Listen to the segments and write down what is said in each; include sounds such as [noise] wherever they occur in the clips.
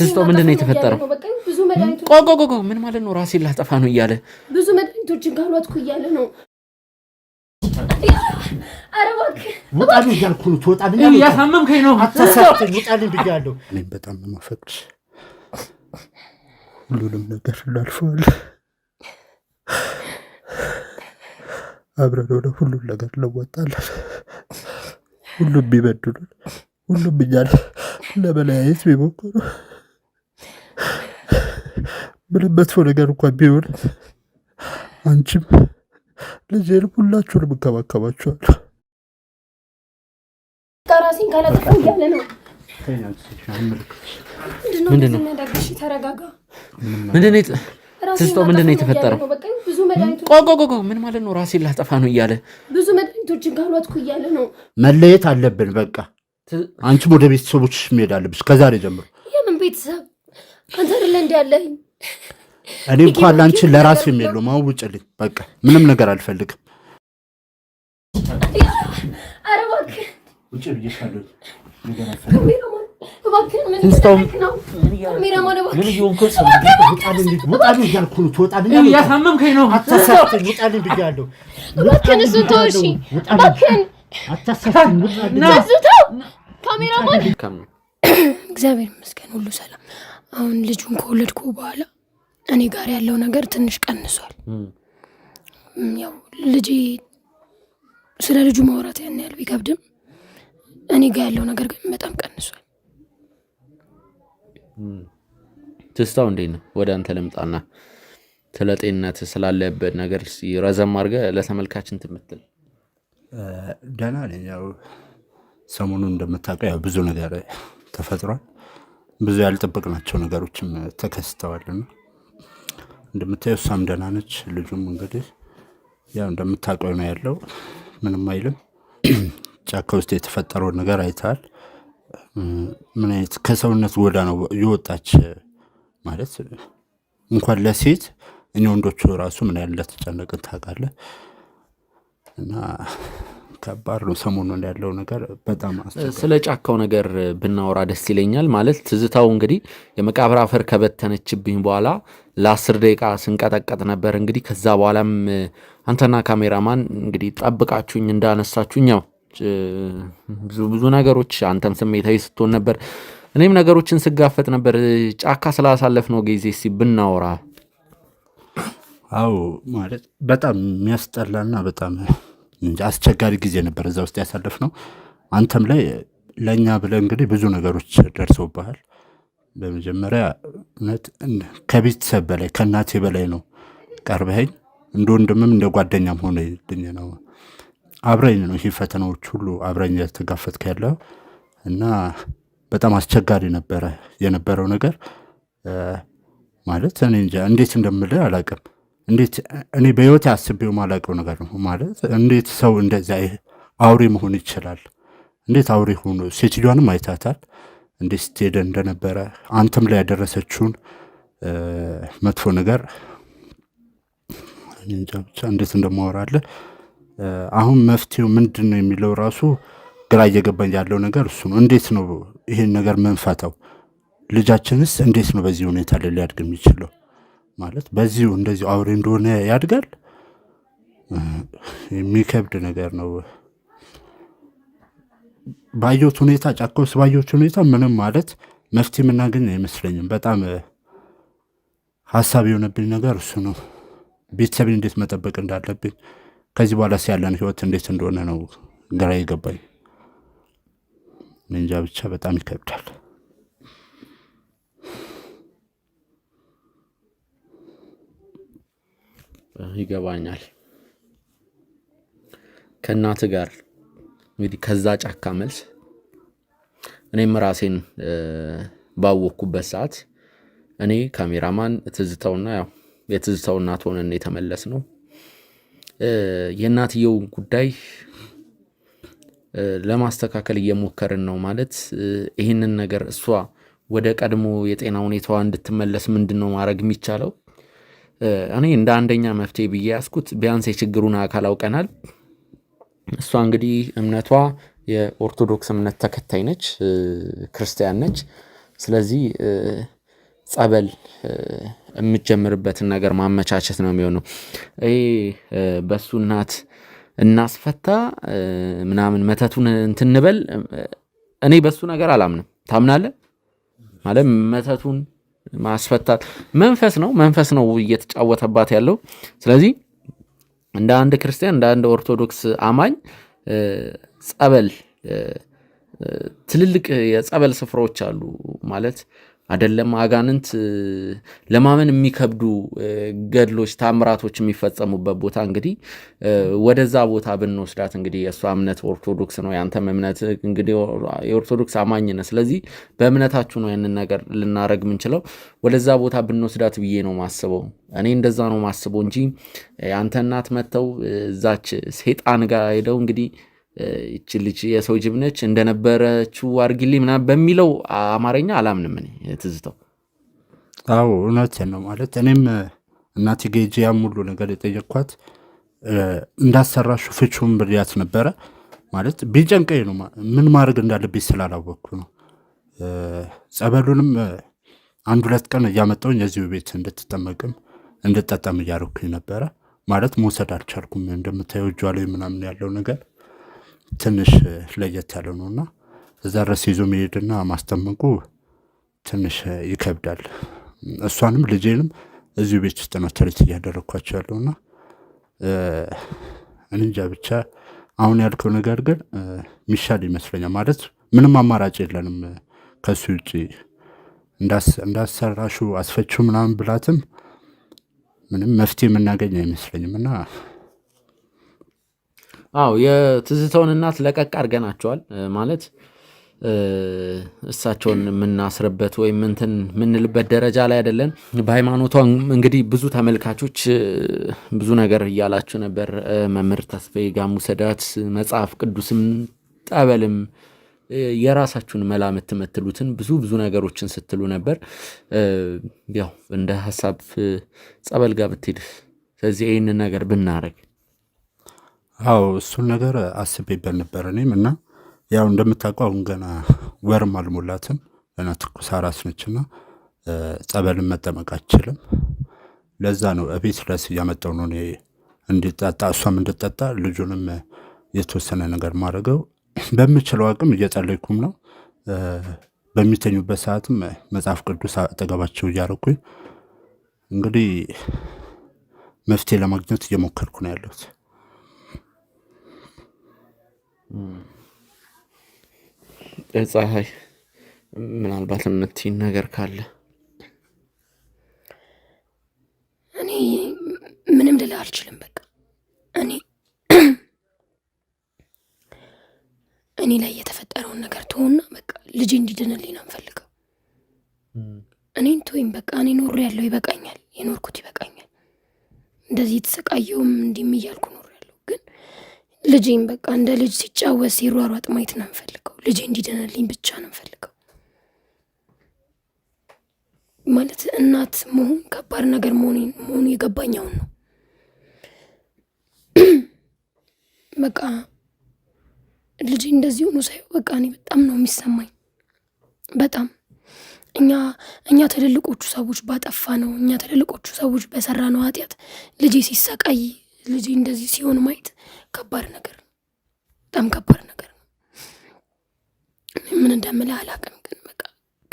ስስቶ ምንድን ነው የተፈጠረው? ቆቆቆቆ ምን ማለት ነው? ራሴን ላጠፋ ነው እያለ ብዙ መድኃኒቶችን ካልዋጥኩ እያለ ነው። ውጣልኝ እያልኩ ነው። ብያለሁ። በጣም ማፈቅድ ሁሉንም ነገር እናልፈዋለን። አብረን ሆነ ሁሉም ነገር እንወጣለን። ሁሉም ቢበድሉን፣ ሁሉም እኛን ለመለያየት ቢሞክሩ ምንም መጥፎ ነገር እንኳን ቢሆን አንቺም ልጄን ሁላችሁንም እንከባከባችኋለሁ። ራሴን ካላጠፋሁ እያለ ነው። ምንድን ነው ምንድን ነው የተፈጠረው? ምን ማለት ነው? ራሴን ላጠፋ ነው እያለ ብዙ መድኃኒቶችን እያለ ነው። መለየት አለብን በቃ። አንቺም ወደ ቤተሰቦችሽ መሄድ አለብሽ ከዛሬ ጀምሮ። የምን ቤተሰብ አንተ አይደለ እንዲ ያለኝ እኔ እንኳን ላንቺን ለራሱ የሚሉ አሁን ውጭልኝ፣ በቃ ምንም ነገር አልፈልግም። እግዚአብሔር ይመስገን ሁሉ ሰላም አሁን ልጁን ከወለድኩ በኋላ እኔ ጋር ያለው ነገር ትንሽ ቀንሷል። ያው ልጄ ስለ ልጁ ማውራት ያን ያህል ቢከብድም እኔ ጋር ያለው ነገር ግን በጣም ቀንሷል። ትስታው እንዴት ነው? ወደ አንተ ልምጣና ስለ ጤንነት ስላለበት ነገር ረዘም አድርገህ ለተመልካችን ትምትል። ደህና ነኝ። ያው ሰሞኑን እንደምታውቀው ያው ብዙ ነገር ተፈጥሯል። ብዙ ያልጠበቅናቸው ነገሮችም ተከስተዋልና እንደምታየው እሷም ደህና ነች። ልጁም እንግዲህ ያው እንደምታውቀው ነው ያለው፣ ምንም አይልም። ጫካ ውስጥ የተፈጠረውን ነገር አይተሃል። ምን አይነት ከሰውነት ነው የወጣች ማለት እንኳን ለሴት እኔ ወንዶቹ ራሱ ምን ያለ ተጨነቅን ታውቃለህ እና ከባድ ነው። ሰሞኑን ያለው ነገር በጣም ስለ ጫካው ነገር ብናወራ ደስ ይለኛል። ማለት ትዝታው እንግዲህ የመቃብር አፈር ከበተነችብኝ በኋላ ለአስር ደቂቃ ስንቀጠቀጥ ነበር። እንግዲህ ከዛ በኋላም አንተና ካሜራማን እንግዲህ ጠብቃችሁኝ እንዳነሳችሁኝ ያው ብዙ ብዙ ነገሮች አንተም ስሜታዊ ስትሆን ነበር፣ እኔም ነገሮችን ስጋፈጥ ነበር። ጫካ ስላሳለፍ ነው ጊዜ ሲ ብናወራ አው ማለት በጣም የሚያስጠላና በጣም አስቸጋሪ ጊዜ ነበር እዛ ውስጥ ያሳለፍ ነው። አንተም ላይ ለእኛ ብለህ እንግዲህ ብዙ ነገሮች ደርሰውብሃል። በመጀመሪያ እውነት ከቤተሰብ በላይ ከእናቴ በላይ ነው ቀርበኸኝ፣ እንደ ወንድምም እንደ ጓደኛም ሆነህልኝ ነው። አብረኝ ነው ይህ ፈተናዎች ሁሉ አብረኝ የተጋፈጥክ ያለው እና በጣም አስቸጋሪ ነበረ የነበረው ነገር ማለት እኔ እንጃ እንዴት እንደምልህ አላውቅም። እንዴት እኔ በህይወት አስቤው ማላውቀው ነገር ነው ማለት እንዴት ሰው እንደዛ አውሬ መሆን ይችላል? እንዴት አውሬ ሆኖ ሴትዮዋንም አይታታል እንዴት ስትሄደ እንደነበረ አንተም ላይ ያደረሰችውን መጥፎ ነገር እንዴት እንደማወራለ አሁን መፍትሄው ምንድን ነው የሚለው ራሱ ግራ እየገባኝ ያለው ነገር እሱ ነው። እንዴት ነው ይሄን ነገር መንፈታው? ልጃችንስ እንዴት ነው በዚህ ሁኔታ ላይ ሊያድግ የሚችለው? ማለት በዚሁ እንደዚሁ አውሬ እንደሆነ ያድጋል። የሚከብድ ነገር ነው። ባየሁት ሁኔታ ጫካ ውስጥ ባየሁት ሁኔታ ምንም ማለት መፍትሄ የምናገኝ አይመስለኝም። በጣም ሀሳብ የሆነብኝ ነገር እሱ ነው። ቤተሰብን እንዴት መጠበቅ እንዳለብኝ ከዚህ በኋላ ያለን ህይወት እንዴት እንደሆነ ነው ግራ የገባኝ። እንጃ ብቻ በጣም ይከብዳል። ይገባኛል። ከእናት ጋር እንግዲህ ከዛ ጫካ መልስ እኔም ራሴን ባወቅኩበት ሰዓት እኔ ካሜራማን ትዝተውና ያው የትዝተው እናት ሆነን የተመለስ ነው። የእናትየው ጉዳይ ለማስተካከል እየሞከርን ነው ማለት ይህንን ነገር እሷ ወደ ቀድሞ የጤና ሁኔታዋ እንድትመለስ ምንድን ነው ማድረግ የሚቻለው? እኔ እንደ አንደኛ መፍትሄ ብዬ ያስኩት ቢያንስ የችግሩን አካል አውቀናል። እሷ እንግዲህ እምነቷ የኦርቶዶክስ እምነት ተከታይ ነች፣ ክርስቲያን ነች። ስለዚህ ጸበል የምትጀምርበትን ነገር ማመቻቸት ነው የሚሆነው። ይሄ በሱ እናት እናስፈታ ምናምን መተቱን እንትንበል እኔ በሱ ነገር አላምንም። ታምናለህ ማለት መተቱን ማስፈታት መንፈስ ነው መንፈስ ነው እየተጫወተባት ያለው። ስለዚህ እንደ አንድ ክርስቲያን እንደ አንድ ኦርቶዶክስ አማኝ ጸበል ትልልቅ የጸበል ስፍራዎች አሉ ማለት አደለም አጋንንት ለማመን የሚከብዱ ገድሎች፣ ታምራቶች የሚፈጸሙበት ቦታ እንግዲህ ወደዛ ቦታ ብንወስዳት እንግዲህ የእሷ እምነት ኦርቶዶክስ ነው። ያንተም እምነት እንግዲህ የኦርቶዶክስ አማኝ ነህ። ስለዚህ በእምነታችሁ ነው ያንን ነገር ልናደረግ የምንችለው። ወደዛ ቦታ ብንወስዳት ብዬ ነው ማስበው። እኔ እንደዛ ነው ማስበው እንጂ ያንተ እናት መጥተው እዛች ሴጣን ጋር ሄደው እንግዲህ ይቺ ልጅ የሰው ጅብ ነች እንደነበረችው አድርጊልኝ ምናምን በሚለው አማርኛ አላምንም እኔ። ትዝተው አዎ እውነት ነው ማለት እኔም እናቴ ጌጂ ያም ሁሉ ነገር የጠየቅኳት እንዳሰራሹ ፍቹም ብያት ነበረ። ማለት ቢጨንቀኝ ነው ምን ማድረግ እንዳለብኝ ስላላወቅኩ ነው። ጸበሉንም አንድ ሁለት ቀን እያመጣውኝ የዚሁ ቤት እንድትጠመቅም እንድጠጠም እያደረኩኝ ነበረ። ማለት መውሰድ አልቻልኩም። እንደምታየው እጇ ላይ ምናምን ያለው ነገር ትንሽ ለየት ያለ ነው እና እዛ ድረስ ይዞ መሄድና ማስጠመቁ ትንሽ ይከብዳል። እሷንም ልጄንም እዚሁ ቤት ውስጥ ነው ትሪት እያደረግኳቸው ያለውና እንጃ ብቻ አሁን ያልከው ነገር ግን ሚሻል ይመስለኛል። ማለት ምንም አማራጭ የለንም ከሱ ውጭ እንዳሰራሹ አስፈችው ምናምን ብላትም ምንም መፍትሄ የምናገኝ አይመስለኝም እና አዎ የትዝታውን እናት ለቀቅ አድርገናቸዋል ማለት እሳቸውን የምናስርበት ወይም ምንትን የምንልበት ደረጃ ላይ አይደለን። በሃይማኖቷ እንግዲህ ብዙ ተመልካቾች ብዙ ነገር እያላችሁ ነበር። መምህር ተስፋዬ ጋሙ ሰዳት መጽሐፍ ቅዱስም ጠበልም የራሳችሁን መላ የምትመትሉትን ብዙ ብዙ ነገሮችን ስትሉ ነበር። ያው እንደ ሀሳብ ጸበል ጋር ብትሄድ ስለዚህ ይህንን ነገር ብናረግ አው እሱን ነገር አስቤበት ነበር እኔም እና ያው እንደምታውቀው አሁን ገና ወርም አልሞላትም ገና ትኩስ አራስ ነችና ጸበልን መጠመቅ አችልም ለዛ ነው እቤት ድረስ እያመጣሁ ነው እኔ እንዲጠጣ እሷም እንድጠጣ ልጁንም የተወሰነ ነገር ማድረገው በምችለው አቅም እየጸለይኩም ነው። በሚተኙበት ሰዓትም መጽሐፍ ቅዱስ አጠገባቸው እያረኩኝ እንግዲህ መፍትሄ ለማግኘት እየሞከርኩ ነው ያለሁት። ፀሐይ ምናልባት የምትይን ነገር ካለ እኔ ምንም ልልህ አልችልም። በቃ እኔ [clears throat] እኔ ላይ የተፈጠረውን ነገር ትሆና በቃ ልጅ እንዲድንልኝ ነው የምፈልገው። እኔን ትወይም በቃ እኔ ኖር ያለው ይበቃኛል፣ የኖርኩት ይበቃኛል። እንደዚህ የተሰቃየውም እንዲህ እያልኩ ኖር ያለው ግን ልጄን በቃ እንደ ልጅ ሲጫወት ሲሯሯጥ ማየት ነው የምፈልገው። ልጄ እንዲደናልኝ ብቻ ነው የምፈልገው። ማለት እናት መሆን ከባድ ነገር መሆኑ የገባኛውን ነው። [clears throat] በቃ ልጄ እንደዚህ ሆኖ ሳይ በቃ እኔ በጣም ነው የሚሰማኝ። በጣም እኛ እኛ ትልልቆቹ ሰዎች ባጠፋ ነው እኛ ትልልቆቹ ሰዎች በሰራ ነው ኃጢአት ልጄ ሲሰቃይ ልጅ እንደዚህ ሲሆን ማየት ከባድ ነገር በጣም ከባድ ነገር ነው። ምን እንደምልህ አላውቅም፣ ግን በቃ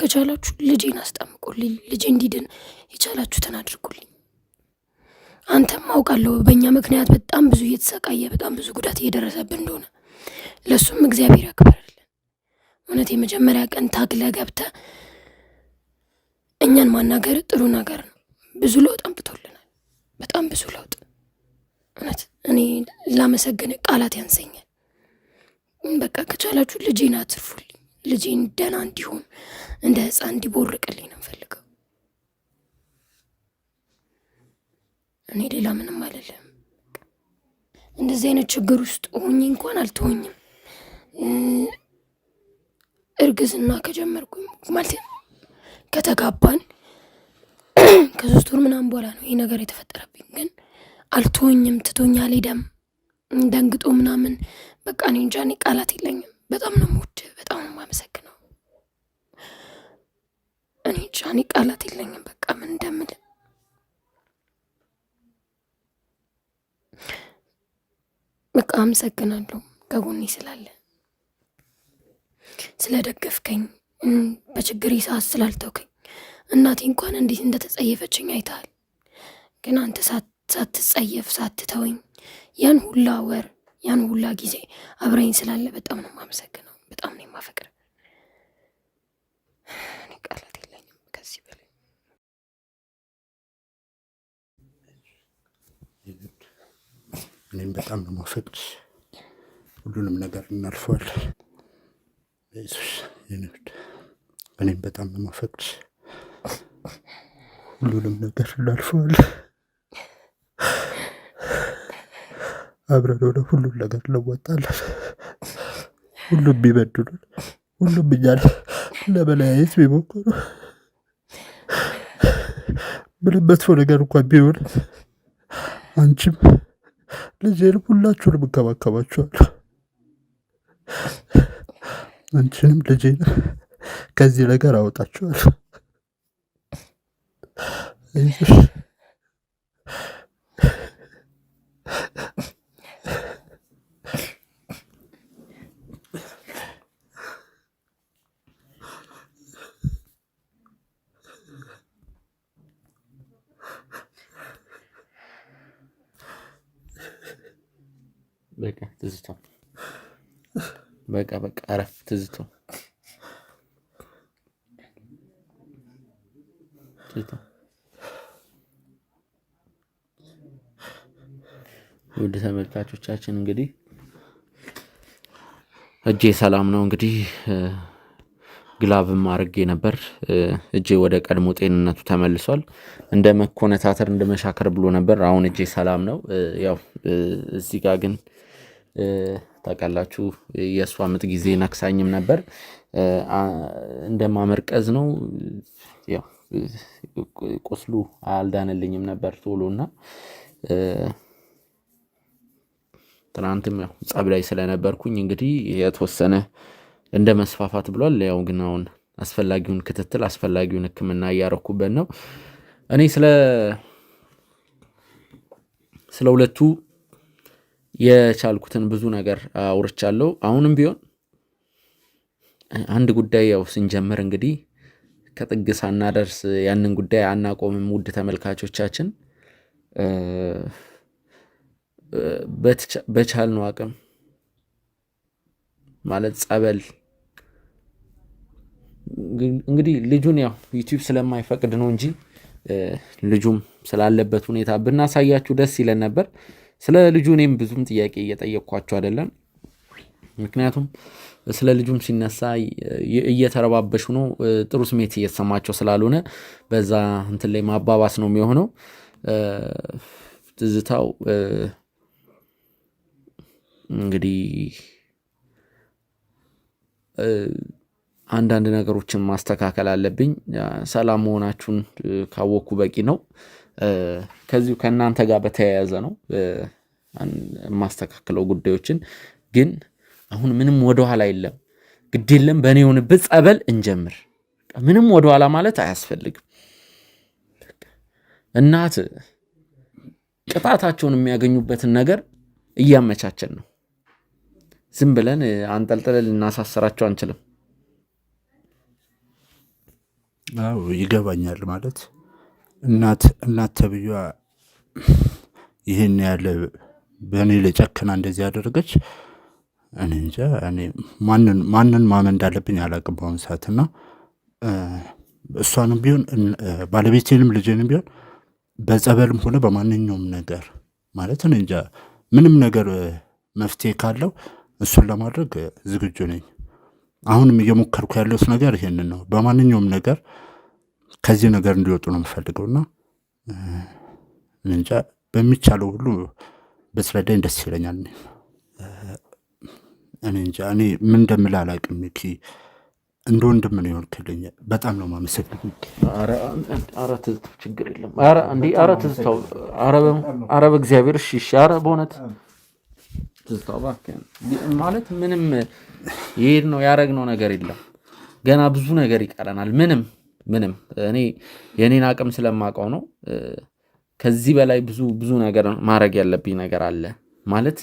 ከቻላችሁ ልጄን አስጠምቁልኝ፣ ልጄ እንዲድን የቻላችሁትን አድርጉልኝ። አንተም አውቃለሁ በእኛ ምክንያት በጣም ብዙ እየተሰቃየ በጣም ብዙ ጉዳት እየደረሰብን እንደሆነ ለእሱም እግዚአብሔር ያክብርልን። እውነት የመጀመሪያ ቀን ታግለ ገብተ እኛን ማናገር ጥሩ ነገር ነው። ብዙ ለውጥ አምጥቶልናል። በጣም ብዙ ለውጥ እውነት እኔ ላመሰግን ቃላት ያንሰኛል። በቃ ከቻላችሁ ልጄን አትርፉልኝ። ልጄን ደህና እንዲሆን እንደ ህፃን እንዲቦርቅልኝ ነው ፈልገው። እኔ ሌላ ምንም አለለም። እንደዚህ አይነት ችግር ውስጥ ሆኜ እንኳን አልተሆኝም። እርግዝና ከጀመርኩ ማለት ከተጋባን ከሶስት ወር ምናምን በኋላ ነው ይህ ነገር የተፈጠረብኝ ግን አልቶኝም ትቶኛል ሄደም ደንግጦ ምናምን በቃ እኔ እንጃ እኔ ቃላት የለኝም። በጣም ነው ሙድ በጣም ነው የማመሰግነው። እኔ እንጃ እኔ ቃላት የለኝም። በቃ ምን እንደምል በቃ አመሰግናለሁ ከጎኔ ስላለ ስለደገፍከኝ፣ በችግር ሰዓት ስላልተውከኝ። እናቴ እንኳን እንዴት እንደተጸየፈችኝ አይተሃል። ግን አንተ ሳት ሳትጸየፍ ሳትተወኝ ያን ሁላ ወር ያን ሁላ ጊዜ አብረኝ ስላለ በጣም ነው የማመሰግነው። በጣም ነው የማፈቅር። እኔ ቃላት የለኝም ከዚህ በላይ እኔም በጣም ነው የማፈቅር። ሁሉንም ነገር እናልፈዋለን። በኢየሱስ ይንድ እኔም በጣም ነው የማፈቅር። ሁሉንም ነገር እናልፈዋለን። አብረን ሆነ ሁሉም ነገር እንወጣለን። ሁሉም ቢበድሉን፣ ሁሉም እኛን ለመለያየት ቢሞክሩ፣ ምንም መጥፎ ነገር እንኳን ቢሆን አንቺም ልጄንም ሁላችሁንም እንከባከባችኋለሁ። አንቺንም ልጄንም ከዚህ ነገር አወጣችኋለሁ። በቃ በቃ አረፍ ትዝቶ ውድ ተመልካቾቻችን እንግዲህ እጄ ሰላም ነው። እንግዲህ ግላብም አርጌ ነበር። እጄ ወደ ቀድሞ ጤንነቱ ተመልሷል። እንደ መኮነታተር እንደ መሻከር ብሎ ነበር። አሁን እጄ ሰላም ነው። ያው እዚህ ጋር ግን ታውቃላችሁ የእሷ ምጥ ጊዜ ነክሳኝም ነበር። እንደማመርቀዝ ነው ቁስሉ አልዳነልኝም ነበር ቶሎ እና ትናንትም ያው ጸብ ላይ ስለነበርኩኝ እንግዲህ የተወሰነ እንደ መስፋፋት ብሏል። ያው ግን አሁን አስፈላጊውን ክትትል አስፈላጊውን ሕክምና እያረኩበት ነው። እኔ ስለ ስለ ሁለቱ የቻልኩትን ብዙ ነገር አውርቻለሁ። አሁንም ቢሆን አንድ ጉዳይ ያው ስንጀምር እንግዲህ ከጥግ ሳናደርስ ያንን ጉዳይ አናቆምም። ውድ ተመልካቾቻችን በቻልነው አቅም ማለት ጸበል እንግዲህ ልጁን ያው ዩቲዩብ ስለማይፈቅድ ነው እንጂ ልጁም ስላለበት ሁኔታ ብናሳያችሁ ደስ ይለን ነበር። ስለ ልጁ እኔም ብዙም ጥያቄ እየጠየቅኳቸው አይደለም። ምክንያቱም ስለ ልጁም ሲነሳ እየተረባበሹ ነው፣ ጥሩ ስሜት እየተሰማቸው ስላልሆነ በዛ እንትን ላይ ማባባስ ነው የሚሆነው። ትዝታው እንግዲህ አንዳንድ ነገሮችን ማስተካከል አለብኝ። ሰላም መሆናችሁን ካወቅኩ በቂ ነው። ከዚሁ ከእናንተ ጋር በተያያዘ ነው የማስተካከለው ጉዳዮችን። ግን አሁን ምንም ወደኋላ የለም ግድ የለም በእኔ የሆንበት ጸበል እንጀምር። ምንም ወደኋላ ማለት አያስፈልግም። እናት ቅጣታቸውን የሚያገኙበትን ነገር እያመቻቸን ነው። ዝም ብለን አንጠልጥለን ልናሳስራቸው አንችልም። ይገባኛል ማለት እናት እናት ተብዬዋ ይህን ያለ በእኔ ለጨክና እንደዚህ ያደረገች እኔ እንጃ። እኔ ማንን ማንን ማመን እንዳለብኝ አላቅም በአሁኑ ሰዓት እና እሷንም ቢሆን ባለቤቴንም ልጅንም ቢሆን በጸበልም ሆነ በማንኛውም ነገር ማለት እኔ እንጃ ምንም ነገር መፍትሄ ካለው እሱን ለማድረግ ዝግጁ ነኝ። አሁንም እየሞከርኩ ያለሁት ነገር ይሄንን ነው። በማንኛውም ነገር ከዚህ ነገር እንዲወጡ ነው የምፈልገው እና እንጃ በሚቻለው ሁሉ በስረዳኝ ደስ ይለኛል። እኔ እንጃ እኔ ምን እንደምል አላውቅም። ሚኪ እንደ ወንድም ነው የሆንክልኝ። በጣም ነው የማመሰግነው። ችግር የለም። ኧረ ትዝታው፣ ኧረ በእግዚአብሔር እሺ፣ እሺ፣ ኧረ በእውነት ትዝታው እባክህ። ማለት ምንም ይሄድ ነው ያደረግነው ነገር የለም። ገና ብዙ ነገር ይቀረናል። ምንም ምንም እኔ የእኔን አቅም ስለማውቀው ነው። ከዚህ በላይ ብዙ ብዙ ነገር ማድረግ ያለብኝ ነገር አለ ማለት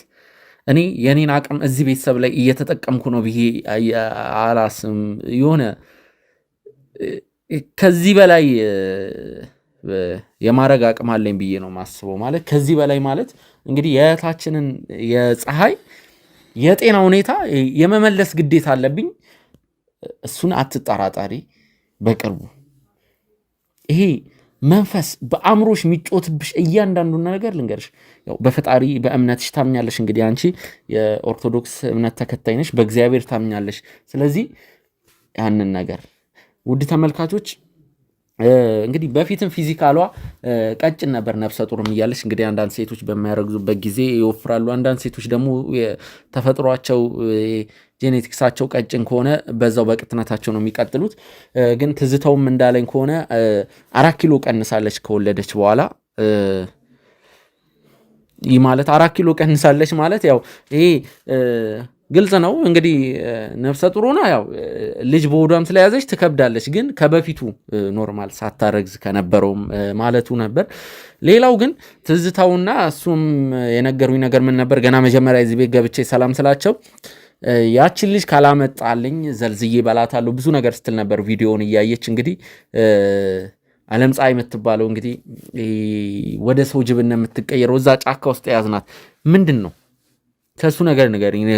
እኔ የኔን አቅም እዚህ ቤተሰብ ላይ እየተጠቀምኩ ነው ብዬ አላስም። የሆነ ከዚህ በላይ የማድረግ አቅም አለኝ ብዬ ነው ማስበው። ማለት ከዚህ በላይ ማለት እንግዲህ የእህታችንን የፀሐይ የጤና ሁኔታ የመመለስ ግዴታ አለብኝ። እሱን አትጠራጠሪ። በቅርቡ ይሄ መንፈስ በአእምሮሽ የሚጮትብሽ እያንዳንዱን ነገር ልንገርሽ። ያው በፈጣሪ በእምነትሽ ታምኛለሽ። እንግዲህ አንቺ የኦርቶዶክስ እምነት ተከታይ ነሽ፣ በእግዚአብሔር ታምኛለሽ። ስለዚህ ያንን ነገር ውድ ተመልካቾች እንግዲህ በፊትም ፊዚካሏ ቀጭን ነበር ነፍሰ ጡርም እያለች እንግዲህ አንዳንድ ሴቶች በሚያረግዙበት ጊዜ ይወፍራሉ። አንዳንድ ሴቶች ደግሞ ተፈጥሯቸው ጄኔቲክሳቸው ቀጭን ከሆነ በዛው በቅጥነታቸው ነው የሚቀጥሉት። ግን ትዝተውም እንዳለኝ ከሆነ አራት ኪሎ ቀንሳለች ከወለደች በኋላ። ይህ ማለት አራት ኪሎ ቀንሳለች ማለት ያው ይሄ ግልጽ ነው እንግዲህ ነፍሰ ጡር ሆና ያው ልጅ በሆዷም ስለያዘች ትከብዳለች፣ ግን ከበፊቱ ኖርማል ሳታረግዝ ከነበረውም ማለቱ ነበር። ሌላው ግን ትዝታውና እሱም የነገሩኝ ነገር ምን ነበር፣ ገና መጀመሪያ እዚህ ቤት ገብቼ ሰላም ስላቸው ያችን ልጅ ካላመጣልኝ ዘልዝዬ እበላታለሁ ብዙ ነገር ስትል ነበር። ቪዲዮውን እያየች እንግዲህ አለም ፀሐይ የምትባለው እንግዲህ ወደ ሰው ጅብነት የምትቀየረው እዛ ጫካ ውስጥ የያዝናት ምንድን ነው ከእሱ ነገር ንገሪኝ።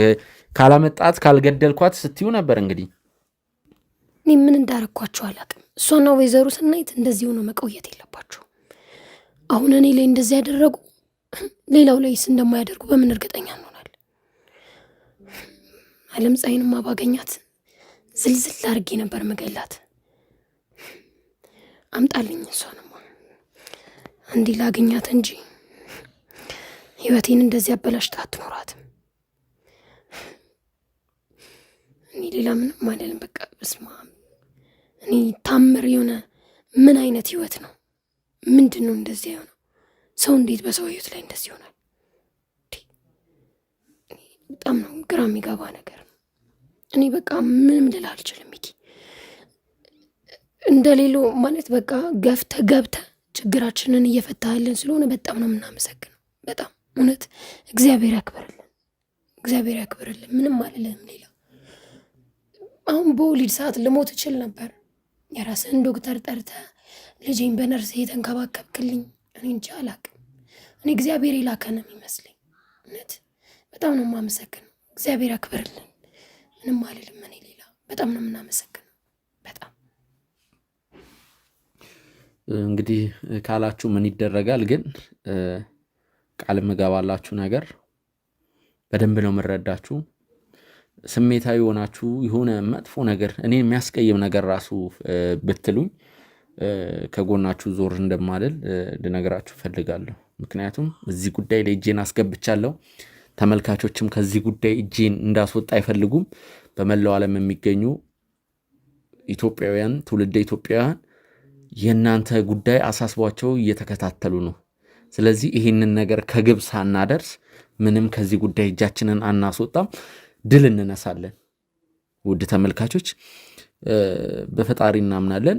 ካላመጣት ካልገደልኳት ስትዩ ነበር። እንግዲህ እኔ ምን እንዳረግኳቸው አላቅም እሷና ወይዘሮ ስናይት እንደዚህ ሆኖ መቆየት የለባቸው። አሁን እኔ ላይ እንደዚህ ያደረጉ ሌላው ላይስ እንደማያደርጉ በምን እርግጠኛ እንሆናል? አለም ፀሐይንማ ባገኛት ዝልዝል አድርጌ ነበር መገላት። አምጣልኝ እሷንማ እንዲህ ላገኛት እንጂ ህይወቴን እንደዚህ አበላሽታ አትኖራትም። እኔ ሌላ ምንም አይደለም። በቃ እስማ እኔ ታምር የሆነ ምን አይነት ህይወት ነው? ምንድን ነው እንደዚያ የሆነው? ሰው እንዴት በሰው ህይወት ላይ እንደዚህ ይሆናል? በጣም ነው ግራ የሚገባ ነገር ነው። እኔ በቃ ምንም ልል አልችልም። ሚኪ እንደሌሎ ማለት በቃ ገፍተ ገብተ ችግራችንን እየፈታህልን ስለሆነ በጣም ነው የምናመሰግነው። በጣም እውነት እግዚአብሔር ያክብርልን፣ እግዚአብሔር ያክብርልን። ምንም አልልህም ሌላ አሁን በወሊድ ሰዓት ልሞት እችል ነበር። የራስህን ዶክተር ጠርተህ ልጄን በነርስ የተንከባከብክልኝ እኔ እንጂ አላቅም። እኔ እግዚአብሔር የላከ ነው የሚመስለኝ። እውነት በጣም ነው የማመሰግነው። እግዚአብሔር ያክብርልን። ምንም አልልም እኔ ሌላ። በጣም ነው የምናመሰግነው። በጣም እንግዲህ ካላችሁ ምን ይደረጋል። ግን ቃል ምገባላችሁ ነገር በደንብ ነው የምረዳችሁ ስሜታዊ የሆናችሁ የሆነ መጥፎ ነገር እኔ የሚያስቀይም ነገር ራሱ ብትሉኝ ከጎናችሁ ዞር እንደማልል ልነግራችሁ ፈልጋለሁ። ምክንያቱም እዚህ ጉዳይ ላይ እጄን አስገብቻለሁ። ተመልካቾችም ከዚህ ጉዳይ እጄን እንዳስወጣ አይፈልጉም። በመላው ዓለም የሚገኙ ኢትዮጵያውያን፣ ትውልደ ኢትዮጵያውያን የእናንተ ጉዳይ አሳስቧቸው እየተከታተሉ ነው። ስለዚህ ይህንን ነገር ከግብ ሳናደርስ ምንም ከዚህ ጉዳይ እጃችንን አናስወጣም። ድል እንነሳለን። ውድ ተመልካቾች በፈጣሪ እናምናለን።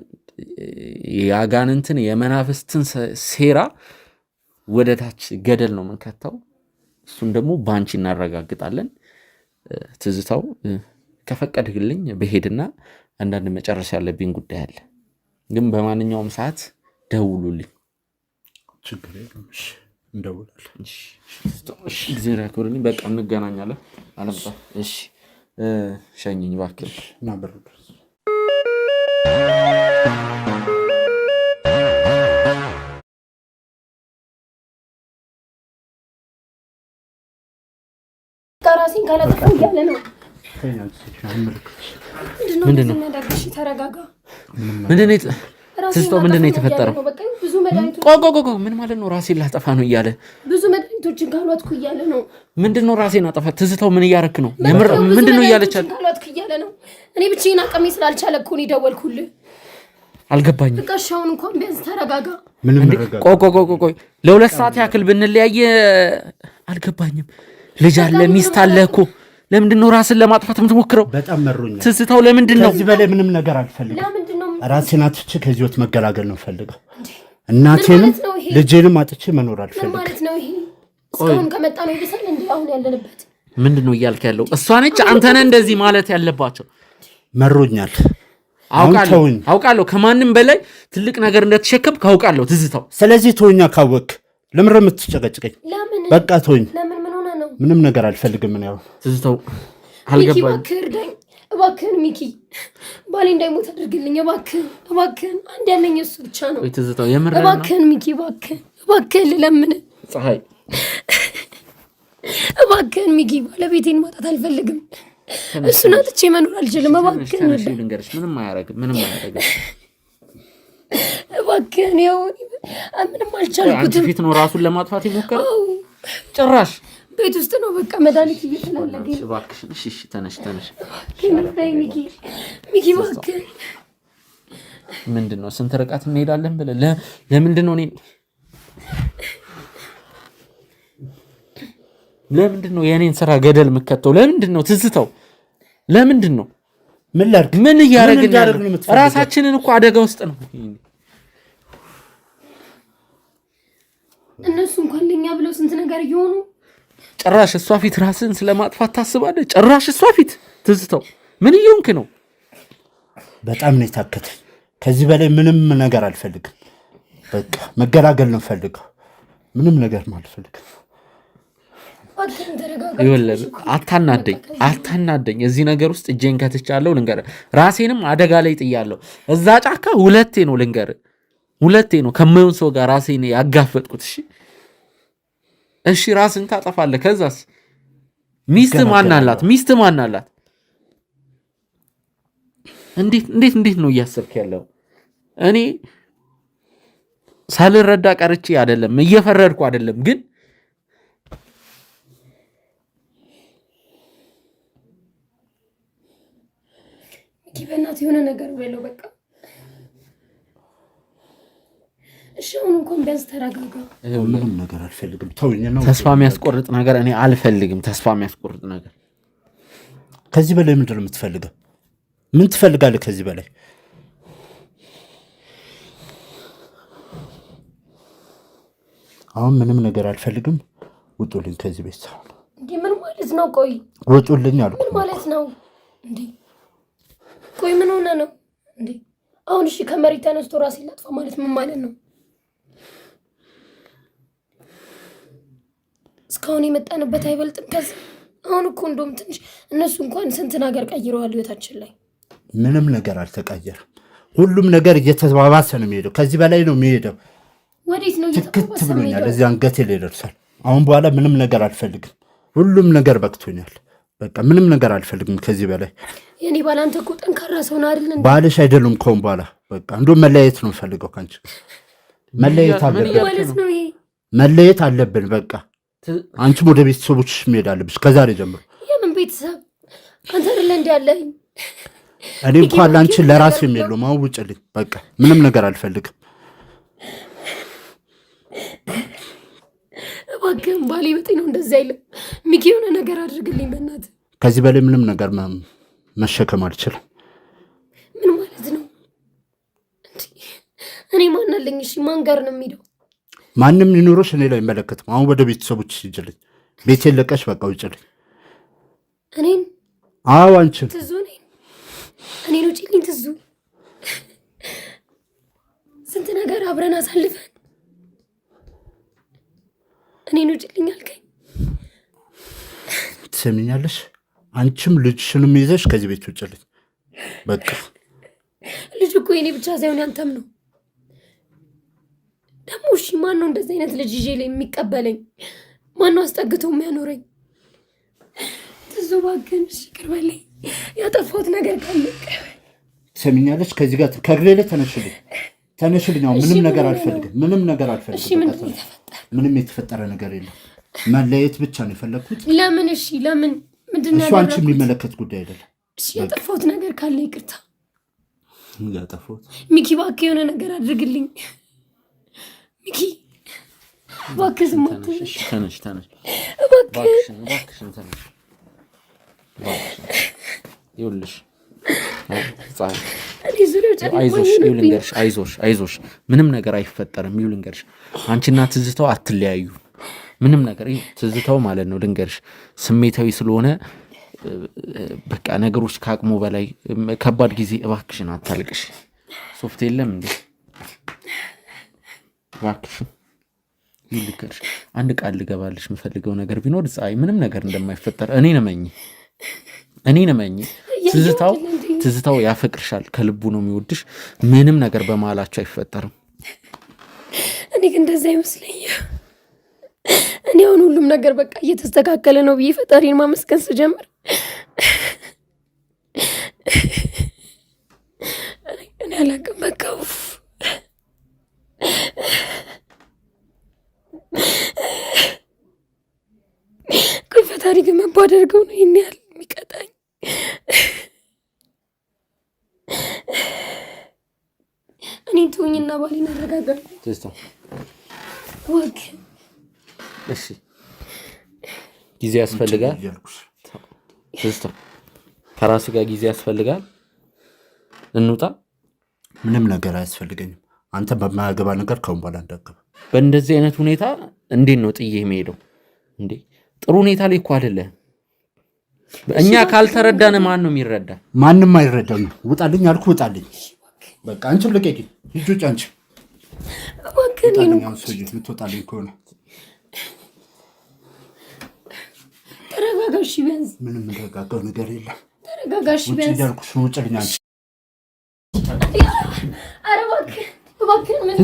የአጋንንትን የመናፍስትን ሴራ ወደታች ገደል ነው የምንከተው። እሱን ደግሞ በአንቺ እናረጋግጣለን። ትዝታው ከፈቀድልኝ በሄድና አንዳንድ መጨረሻ ያለብኝ ጉዳይ አለ፣ ግን በማንኛውም ሰዓት ደውሉልኝ። እንደውላለን። እግዚአብሔር ያክብርልኝ። በቃ እንገናኛለን። አለምጣ ሸኝኝ እባክህ እና ብሩ ድረስ ራሴን ካላጠፋሁ እያለ ነው። ምንድን ምንድን ነው የተፈጠረው? ምን ማለት ነው? ራሴን ላጠፋ ነው እያለ ብዙ መድኃኒቶችን ካልዋጥኩ እያለ ነው። ምንድን ነው ራሴን አጠፋ? ትዝተው ምን እያረክ ነው? ምንድን ነው እያለቻል? ካልዋጥኩ እያለ ነው። እኔ ብቻዬን አቅሜ ስላልቻለ እኮ ነው የደወልኩልህ። አልገባኝም። በቃ እንኳን ቢያንስ ተረጋጋ። ቆይ ለሁለት ሰዓት ያክል ብንለያየ አልገባኝም። ልጅ አለ ሚስት አለ እኮ ለምንድን ነው ራስን ለማጥፋት የምትሞክረው? በጣም መሮኛል ትዝታው። ለምንድን ነው ከዚህ በላይ ምንም ነገር አልፈልግም። ራሴን አጥፍቼ ከዚህ ወት መገላገል ነው ፈልገው እናቴንም ልጄንም አጥቼ መኖር አልፈልግም ነው። እስካሁን ከመጣ ነው ይብሰል እንዴ? አሁን ያለንበት ምንድን ነው እያልክ ያለው? እሷ ነች አንተነ እንደዚህ ማለት ያለባቸው። መሮኛል፣ አውቃለሁ። ከማንም በላይ ትልቅ ነገር እንደተሸከምክ ካውቃለሁ ትዝታው። ስለዚህ ተወኛ ካወክ ለምረ የምትጨቀጭቀኝ በቃ ተወኝ። ምንም ነገር አልፈልግም። ምን ያው ትዝታው አልገባኝ እባክህን ሚኪ ባሌ እንዳይሞት አድርግልኝ። እባክህን እባክህን፣ አንድ ያለኝ እሱ ብቻ ነው። እባክህን ሚኪ እባክህን እባክህን ልለምን ፀሐይ፣ እባክህን ሚኪ፣ ባለቤቴን ማጣት አልፈልግም። እሱን አጥቼ መኖር አልችልም። እባክህን ምንም አያረግም፣ ምንም አያረግም። እባክህን ያው ምንም አልቻልኩትም። ፊት ነው ራሱን ለማጥፋት የሞከረው ጭራሽ ቤት ውስጥ ነው በቃ መድኃኒት እየተላለገ እባክሽን። እሺ ተነሽ ተነሽ። ሚኪ ሚኪ፣ እባክህ ምንድን ነው ስንት ርቀት እንሄዳለን ብለህ ለምንድን ነው እኔ ለምንድን ነው የእኔን ስራ ገደል የምከተው? ለምንድን ነው ትዝተው? ለምንድን ነው ምን ላድርግ? ምን እያደረግን ራሳችንን እኮ አደጋ ውስጥ ነው። እነሱ እንኳን ለኛ ብለው ስንት ነገር እየሆኑ ጭራሽ እሷ ፊት ራስን ስለማጥፋት ታስባለ። ጭራሽ እሷ ፊት ትዝተው ምን እየሆንክ ነው? በጣም ነው የታከተ። ከዚህ በላይ ምንም ነገር አልፈልግም። በቃ መገላገል ነው ፈልገው፣ ምንም ነገር አልፈልግም። ይኸውልህ አታናደኝ፣ አታናደኝ። እዚህ ነገር ውስጥ እጄን ከትቻለሁ ልንገር ራሴንም አደጋ ላይ ጥያለሁ። እዛ ጫካ ሁለቴ ነው ልንገር፣ ሁለቴ ነው ከማይሆን ሰው ጋር ራሴን ያጋፈጥኩት። እሺ እሺ ራስን ታጠፋለህ። ከዛስ ሚስት ማናላት? ሚስት ማናላት? እንዴት እንዴት እንዴት ነው እያሰብክ ያለው? እኔ ሳልረዳ ቀርቼ አይደለም እየፈረድኩ አይደለም፣ ግን በእናትህ የሆነ ነገር በለው በቃ ምንም ነገር አልፈልግም። ተስፋ የሚያስቆርጥ ነገር እኔ አልፈልግም። ተስፋ የሚያስቆርጥ ነገር ከዚህ በላይ ምንድን ነው የምትፈልገው? ምን ትፈልጋለህ ከዚህ በላይ? አሁን ምንም ነገር አልፈልግም። ውጡልኝ ከዚህ ቤት። አሁን እንዲህ ምን ማለት ነው? ቆይ ውጡልኝ አልኩ ማለት ነው። ቆይ ምን ሆነ ነው? አሁን እሺ፣ ከመሬት ተነስቶ ራሴ ላጥፋ ማለት ምን ማለት ነው? እስካሁን የመጣንበት አይበልጥም። ከዚ አሁን እኮ እንደውም ትንሽ እነሱ እንኳን ስንት ነገር ቀይረዋል ህይወታችን ላይ። ምንም ነገር አልተቀየረም። ሁሉም ነገር እየተባባሰ ነው የሚሄደው። ከዚህ በላይ ነው የሚሄደው። ወዴት ነው? ትክት ብሎኛል። እዚህ አንገቴ ላይ አሁን በኋላ ምንም ነገር አልፈልግም። ሁሉም ነገር በቅቶኛል። በቃ ምንም ነገር አልፈልግም ከዚህ በላይ የኔ ባል። አንተ እኮ ጠንካራ ሰው ነህ አይደል? ባልሽ አይደለም ከሁን በኋላ በቃ እንደውም መለያየት ነው የምፈልገው ከአንቺ መለየት አለብን። መለየት አለብን በቃ አንቺም ወደ ቤተሰቦችሽ መሄድ አለብሽ ከዛሬ ጀምሮ። የምን ቤተሰብ አንተ አይደለ እንዲ ያለኝ። እኔ እንኳን ለአንቺ ለራሴ የለውም። አሁን ውጭልኝ፣ በቃ ምንም ነገር አልፈልግም። እባክህን ባሌ በጤና ነው እንደዚህ አይልም። ሚኪ የሆነ ነገር አድርግልኝ በእናት። ከዚህ በላይ ምንም ነገር መሸከም አልችልም። ምን ማለት ነው? እኔ ማናለኝ? እሺ ማን ጋር ነው የሚሄደው? ማንም ይኑሮሽ እኔ ላይ አይመለከትም። አሁን ወደ ቤተሰቦች ሂጅልኝ፣ ቤት ለቀሽ በቃ ውጭልኝ። እኔን? አዎ አንቺን። ትዙ እኔን ውጭልኝ። ትዙ ስንት ነገር አብረን አሳልፈን እኔን ውጭልኝ አልከኝ። ትሰሚኛለሽ? አንቺም ልጅሽንም ይዘሽ ከዚህ ቤት ውጭልኝ በቃ። ልጅ እኮ የኔ ብቻ ሳይሆን ያንተም ነው። ደግሞ እሺ፣ ማን ነው እንደዚህ አይነት ልጅ ይዤ ላይ የሚቀበለኝ? ማን ነው አስጠግቶ የሚያኖረኝ? ትዞ ባገን እሺ፣ ይቅር በለኝ። ያጠፋሁት ነገር ካለ ትሰሚኛለች። ከዚህ ጋር ከእግሬ ላይ ተነሽልኝ፣ ተነሽልኝ። አሁን ምንም ነገር አልፈልግም፣ ምንም ነገር አልፈልግም። ምንም የተፈጠረ ነገር የለም። መለየት ብቻ ነው የፈለግኩት። ለምን? እሺ፣ ለምን? ምንድን ነው አንቺ የሚመለከት ጉዳይ አይደለም። እሺ፣ ያጠፋሁት ነገር ካለ ይቅርታ። ያጠፋሁት ሚኪ፣ እባክህ የሆነ ነገር አድርግልኝ። አይዞሽ ምንም ነገር አይፈጠርም። ይኸው ልንገርሽ፣ አንቺና ትዝታው አትለያዩ ምንም ነገር ትዝታው ማለት ነው። ልንገርሽ ስሜታዊ ስለሆነ በቃ ነገሮች ከአቅሙ በላይ ከባድ ጊዜ። እባክሽን አታልቅሽ። ሶፍት የለም እንዴ? እባክሽ ይልክልሽ አንድ ቃል ልገባልሽ የምፈልገው ነገር ቢኖር ፀሐይ ምንም ነገር እንደማይፈጠር እኔ ነመኝ እኔ ነመኝ። ትዝታው ትዝታው ያፈቅርሻል፣ ከልቡ ነው የሚወድሽ። ምንም ነገር በማላቸው አይፈጠርም። እኔ ግን እንደዛ አይመስለኝም። እኔ አሁን ሁሉም ነገር በቃ እየተስተካከለ ነው ብዬ ፈጣሪን ማመስገን ስጀምር እኔ አላቅም በቃ ታሪክ መባደርገው ነው ይህን ያህል የሚቀጣኝ። እኔ ትሁኝና ባሌን አረጋጋል። ወግ እሺ፣ ጊዜ ያስፈልጋል። ስ ከራስ ጋር ጊዜ ያስፈልጋል። እንውጣ። ምንም ነገር አያስፈልገኝም። አንተ በማያገባ ነገር ከሁን በኋላ እንዳገባ። በእንደዚህ አይነት ሁኔታ እንዴት ነው ጥዬ የምሄደው እንዴ? ጥሩ ሁኔታ ላይ እኮ አይደለም። እኛ ካልተረዳን ማን ነው የሚረዳ? ማንም አይረዳም። ውጣልኝ አልኩ ውጣልኝ። በቃ አንቺም ልቀቂ ልጆች፣ አንቺ ምትወጣልኝ ከሆነ ተረጋጋሽ። ቢያንስ ምንም ተረጋጋው ነገር የለም። ተረጋጋሽ ቢያንስ ውጭ ልኝ አንቺ አረ ምን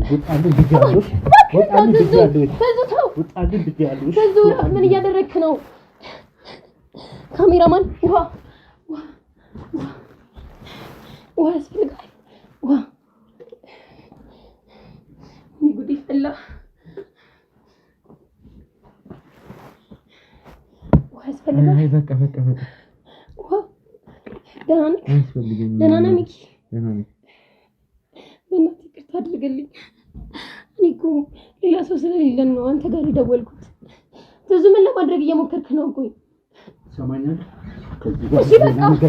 ውሃ፣ ውሃ፣ ተው ምን እያደረግክ ነው? ካሜራማን ውሃ ውሃ ያስፈልጋል። ውሃ ጉድ ፈላ። ውሃ ያስፈልጋል። በቃ ደህና ነህ? ደህና ነህ ይቅርታ አድርግልኝ። እኔ እኮ ሌላ ሰው ስለሌለን ነው አንተ ጋር የደወልኩት። ብዙ ምን ለማድረግ እየሞከርክ ነው? ቆይ ሰማኛል። ከዚህ በቃ